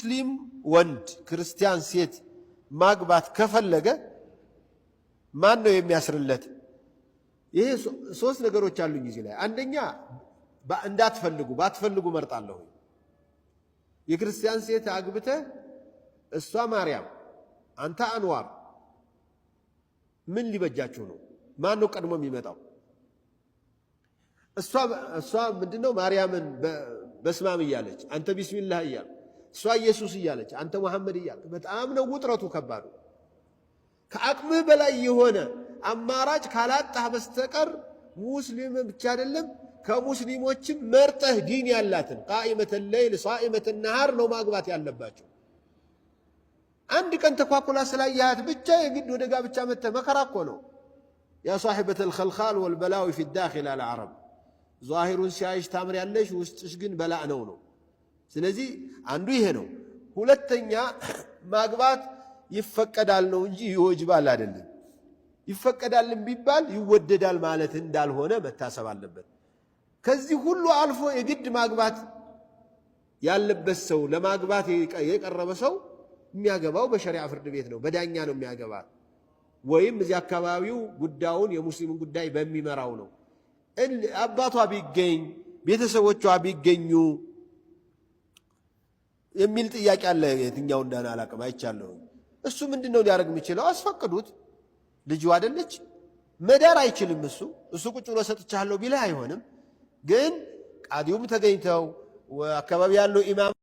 ሙስሊም ወንድ ክርስቲያን ሴት ማግባት ከፈለገ ማን ነው የሚያስርለት? ይሄ ሶስት ነገሮች አሉኝ እዚህ ላይ። አንደኛ እንዳትፈልጉ ባትፈልጉ መርጣለሁ። የክርስቲያን ሴት አግብተ እሷ ማርያም አንተ አንዋር ምን ሊበጃችሁ ነው? ማን ነው ቀድሞ የሚመጣው? እሷ ምንድነው ማርያምን በስማም እያለች አንተ ቢስሚላህ እያሉ እሷ ኢየሱስ እያለች አንተ መሐመድ እያልክ በጣም ነው ውጥረቱ ከባዱ። ከአቅምህ በላይ የሆነ አማራጭ ካላጣህ በስተቀር ሙስሊም ብቻ አይደለም ከሙስሊሞችም መርጠህ ዲን ያላትን ቃኢመተ ለይል ሷኢመተ ነሃር ነው ማግባት ያለባቸው። አንድ ቀን ተኳኩላ ስላየሃት ብቻ የግድ ወደ ጋብቻ መጥተህ መከራ እኮ ነው። ያ ሷሒበተ ልኸልኻል ወልበላዊ ፊ አልዓረብ ዛሂሩን ሲያይሽ ታምር ያለሽ ውስጥሽ ግን በላእ ነው ነው ስለዚህ አንዱ ይሄ ነው። ሁለተኛ ማግባት ይፈቀዳል ነው እንጂ ይወጅባል አይደለም። ይፈቀዳልም ቢባል ይወደዳል ማለት እንዳልሆነ መታሰብ አለበት። ከዚህ ሁሉ አልፎ የግድ ማግባት ያለበት ሰው ለማግባት የቀረበ ሰው የሚያገባው በሸሪያ ፍርድ ቤት ነው፣ በዳኛ ነው የሚያገባ ወይም እዚህ አካባቢው ጉዳዩን የሙስሊምን ጉዳይ በሚመራው ነው። አባቷ ቢገኝ ቤተሰቦቿ ቢገኙ የሚል ጥያቄ አለ። የትኛው እንደሆነ አላቅም፣ አይቻለሁ። እሱ ምንድን ነው ሊያደርግ የሚችለው? አስፈቅዱት። ልጁ አደለች፣ መዳር አይችልም። እሱ እሱ ቁጭ ብሎ ሰጥቻለሁ ቢልህ አይሆንም። ግን ቃዲውም ተገኝተው አካባቢ ያለው ኢማም